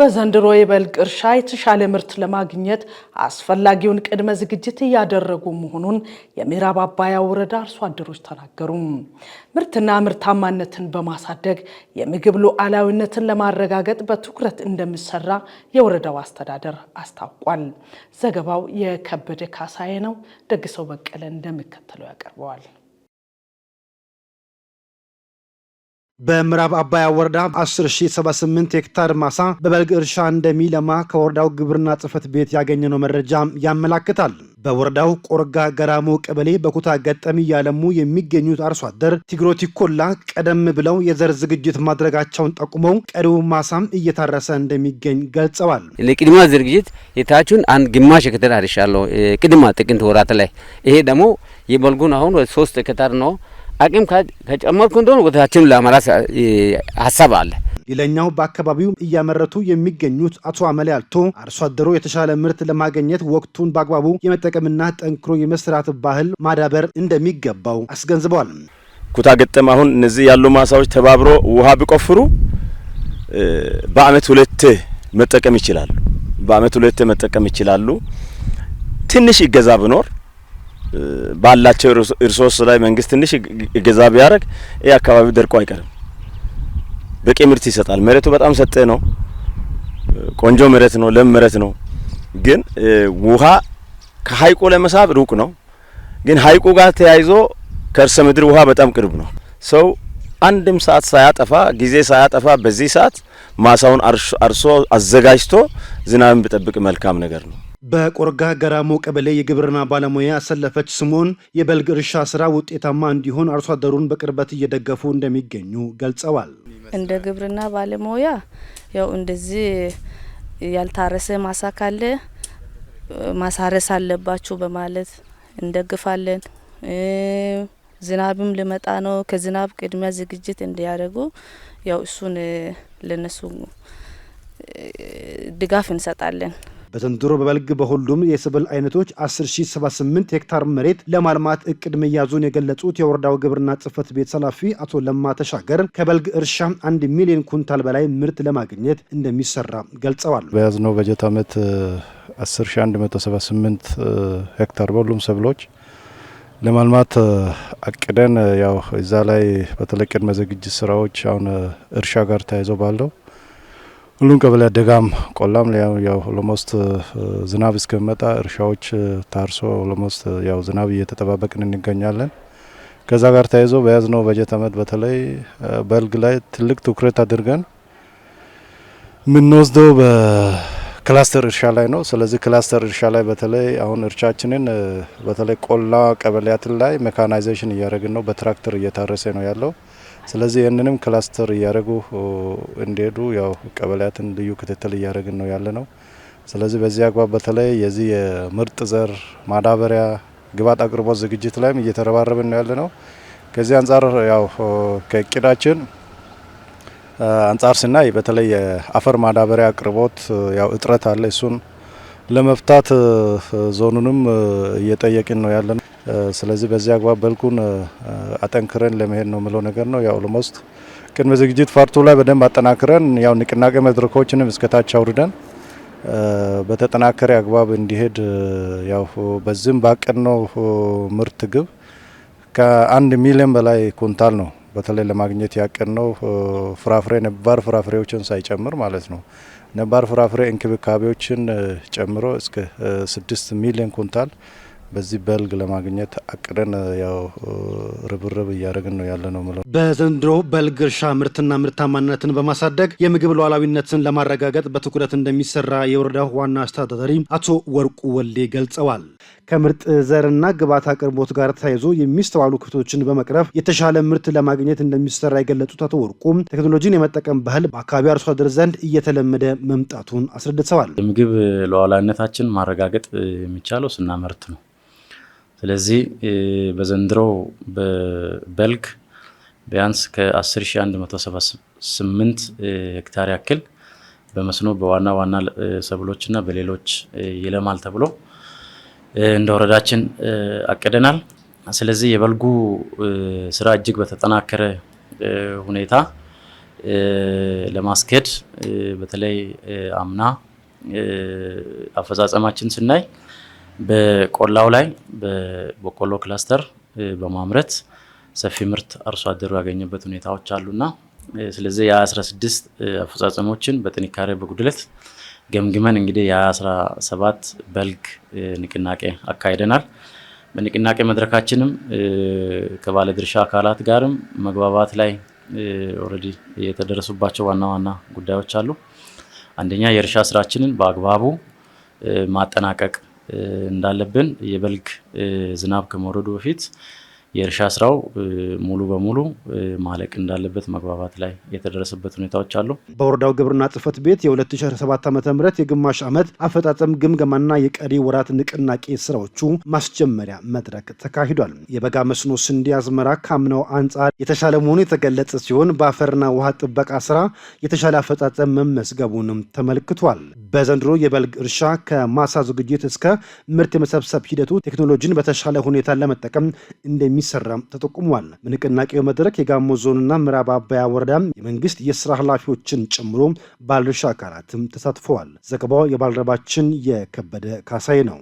በዘንድሮ የበልግ እርሻ የተሻለ ምርት ለማግኘት አስፈላጊውን ቅድመ ዝግጅት እያደረጉ መሆኑን የምዕራብ አባያ ወረዳ አርሶ አደሮች ተናገሩ። ምርትና ምርታማነትን በማሳደግ የምግብ ሉዓላዊነትን ለማረጋገጥ በትኩረት እንደሚሰራ የወረዳው አስተዳደር አስታውቋል። ዘገባው የከበደ ካሳዬ ነው። ደግሰው በቀለ እንደሚከተለው ያቀርበዋል። በምዕራብ አባያ ወረዳ 10078 ሄክታር ማሳ በበልግ እርሻ እንደሚለማ ከወረዳው ግብርና ጽሕፈት ቤት ያገኘነው መረጃ ያመላክታል። በወረዳው ቆርጋ ገራሞ ቀበሌ በኩታ ገጠም እያለሙ የሚገኙት አርሶ አደር ቲግሮቲኮላ ቀደም ብለው የዘር ዝግጅት ማድረጋቸውን ጠቁመው ቀሪው ማሳም እየታረሰ እንደሚገኝ ገልጸዋል። ለቅድማ ዝግጅት የታችሁን አንድ ግማሽ ሄክታር አርሻለሁ ቅድማ ጥቅምት ወራት ላይ ይሄ ደግሞ የበልጉን አሁን ሶስት ሄክታር ነው አቅም ከጨመርኩ እንደሆነ ወደታችን ለአማራ ሀሳብ አለ። ሌላኛው በአካባቢው እያመረቱ የሚገኙት አቶ አልቶ አርሶ አደሩ የተሻለ ምርት ለማግኘት ወቅቱን በአግባቡ የመጠቀምና ጠንክሮ የመስራት ባህል ማዳበር እንደሚገባው አስገንዝበዋል። ኩታ ገጠም አሁን እነዚህ ያሉ ማሳዎች ተባብሮ ውሃ ቢቆፍሩ በአመት ሁለቴ መጠቀም ይችላሉ። በአመት ሁለቴ መጠቀም ይችላሉ። ትንሽ ይገዛ ብኖር ባላቸው ሪሶርስ ላይ መንግስት ትንሽ እገዛ ቢያደርግ ይህ አካባቢ ደርቆ አይቀርም። በቂ ምርት ይሰጣል። መሬቱ በጣም ሰጠ ነው። ቆንጆ መሬት ነው። ለም መሬት ነው። ግን ውሃ ከሀይቁ ለመሳብ ሩቅ ነው። ግን ሀይቁ ጋር ተያይዞ ከእርሰ ምድር ውሃ በጣም ቅርብ ነው። ሰው አንድም ሰዓት ሳያጠፋ ጊዜ ሳያጠፋ በዚህ ሰዓት ማሳውን አርሶ አዘጋጅቶ ዝናብን ቢጠብቅ መልካም ነገር ነው። በቆርጋ ገራሞ ቀበሌ የግብርና ባለሙያ ያሰለፈች ስሞን የበልግ እርሻ ስራ ውጤታማ እንዲሆን አርሶ አደሩን በቅርበት እየደገፉ እንደሚገኙ ገልጸዋል። እንደ ግብርና ባለሙያ ያው እንደዚህ ያልታረሰ ማሳ ካለ ማሳረስ አለባችሁ በማለት እንደግፋለን። ዝናብም ልመጣ ነው፣ ከዝናብ ቅድሚያ ዝግጅት እንዲያደርጉ ያው እሱን ለነሱ ድጋፍ እንሰጣለን። በዘንድሮ በበልግ በሁሉም የሰብል አይነቶች 1078 ሄክታር መሬት ለማልማት እቅድ መያዙን የገለጹት የወረዳው ግብርና ጽህፈት ቤት ኃላፊ አቶ ለማ ተሻገር ከበልግ እርሻ አንድ ሚሊዮን ኩንታል በላይ ምርት ለማግኘት እንደሚሰራ ገልጸዋል። በያዝነው በጀት ዓመት 10178 ሄክታር በሁሉም ሰብሎች ለማልማት አቅደን ያው እዛ ላይ በተለይ ቅድመ ዝግጅት ስራዎች አሁን እርሻ ጋር ተያይዘው ባለው ሁሉም ቀበሌ ደጋም ቆላም ያው ያው ኦሎሞስት ዝናብ እስከመጣ እርሻዎች ታርሶ ኦሎሞስት ያው ዝናብ እየተጠባበቅን እንገኛለን። ከዛ ጋር ተያይዞ በያዝነው በጀት አመት በተለይ በልግ ላይ ትልቅ ትኩረት አድርገን የምንወስደው በክላስተር እርሻ ላይ ነው። ስለዚህ ክላስተር እርሻ ላይ በተለይ አሁን እርሻችንን በተለይ ቆላ ቀበሌያትን ላይ ሜካናይዜሽን እያደረግን ነው። በትራክተር እየታረሰ ነው ያለው ስለዚህ ይህንንም ክላስተር እያደረጉ እንዲሄዱ ያው ቀበሌያትን ልዩ ክትትል እያደረግን ነው ያለ ነው። ስለዚህ በዚህ አግባብ በተለይ የዚህ የምርጥ ዘር ማዳበሪያ ግብዓት አቅርቦት ዝግጅት ላይም እየተረባረብን ነው ያለ ነው። ከዚህ አንጻር ያው ከእቅዳችን አንጻር ስናይ በተለይ የአፈር ማዳበሪያ አቅርቦት ያው እጥረት አለ። እሱን ለመፍታት ዞኑንም እየጠየቅን ነው ያለ ነው። ስለዚህ በዚህ አግባብ በልኩን አጠንክረን ለመሄድ ነው የምለው ነገር ነው። ያው ኦልሞስት ቅድመ ዝግጅት ፓርቱ ላይ በደንብ አጠናክረን ያው ንቅናቄ መድረኮችንም እስከታች አውርደን በተጠናከረ አግባብ እንዲሄድ ያው በዚህም ባቀድነው ምርት ግብ ከአንድ ሚሊዮን በላይ ኩንታል ነው በተለይ ለማግኘት ያቀድነው ፍራፍሬ ነባር ፍራፍሬዎችን ሳይጨምር ማለት ነው። ነባር ፍራፍሬ እንክብካቤዎችን ጨምሮ እስከ ስድስት ሚሊዮን ኩንታል በዚህ በልግ ለማግኘት አቅደን ያው ርብርብ እያደረግን ነው ያለ ነው ምለው። በዘንድሮ በልግ እርሻ ምርትና ምርታማነትን በማሳደግ የምግብ ሉዓላዊነትን ለማረጋገጥ በትኩረት እንደሚሰራ የወረዳው ዋና አስተዳዳሪ አቶ ወርቁ ወልዴ ገልጸዋል። ከምርጥ ዘርና ግብዓት አቅርቦት ጋር ተያይዞ የሚስተዋሉ ክፍተቶችን በመቅረፍ የተሻለ ምርት ለማግኘት እንደሚሰራ የገለጹት አቶ ወርቁም ቴክኖሎጂን የመጠቀም ባህል በአካባቢው አርሶ አደር ዘንድ እየተለመደ መምጣቱን አስረድተዋል። የምግብ ሉዓላዊነታችን ማረጋገጥ የሚቻለው ስናመርት ነው። ስለዚህ በዘንድሮ በልግ ቢያንስ ከ10178 ሄክታር ያክል በመስኖ በዋና ዋና ሰብሎች እና በሌሎች ይለማል ተብሎ እንደ ወረዳችን አቅደናል። ስለዚህ የበልጉ ስራ እጅግ በተጠናከረ ሁኔታ ለማስኬድ በተለይ አምና አፈጻጸማችን ስናይ በቆላው ላይ በቆሎ ክላስተር በማምረት ሰፊ ምርት አርሶ አደሩ ያገኘበት ሁኔታዎች አሉና ስለዚህ የ16 አፈጻጸሞችን በጥንካሬ በጉድለት ገምግመን እንግዲህ የ17 በልግ ንቅናቄ አካሂደናል። በንቅናቄ መድረካችንም ከባለድርሻ አካላት ጋርም መግባባት ላይ ኦልሬዲ የተደረሱባቸው ዋና ዋና ጉዳዮች አሉ። አንደኛ የእርሻ ስራችንን በአግባቡ ማጠናቀቅ እንዳለብን የበልግ ዝናብ ከመውረዱ በፊት የእርሻ ስራው ሙሉ በሙሉ ማለቅ እንዳለበት መግባባት ላይ የተደረሰበት ሁኔታዎች አሉ። በወረዳው ግብርና ጽህፈት ቤት የ2017 ዓ ም የግማሽ ዓመት አፈጣጠም ግምገማና የቀሪ ወራት ንቅናቄ ስራዎቹ ማስጀመሪያ መድረክ ተካሂዷል። የበጋ መስኖ ስንዴ አዝመራ ካምናው አንጻር የተሻለ መሆኑ የተገለጸ ሲሆን በአፈርና ውሃ ጥበቃ ስራ የተሻለ አፈጣጠም መመዝገቡንም ተመልክቷል። በዘንድሮ የበልግ እርሻ ከማሳ ዝግጅት እስከ ምርት የመሰብሰብ ሂደቱ ቴክኖሎጂን በተሻለ ሁኔታ ለመጠቀም እንደሚ እንደሚሰራም ተጠቁሟል። በንቅናቄው መድረክ የጋሞ ዞንና ምዕራብ አባያ ወረዳ የመንግስት የስራ ኃላፊዎችን ጨምሮ ባለድርሻ አካላትም ተሳትፈዋል። ዘገባው የባልደረባችን የከበደ ካሳይ ነው።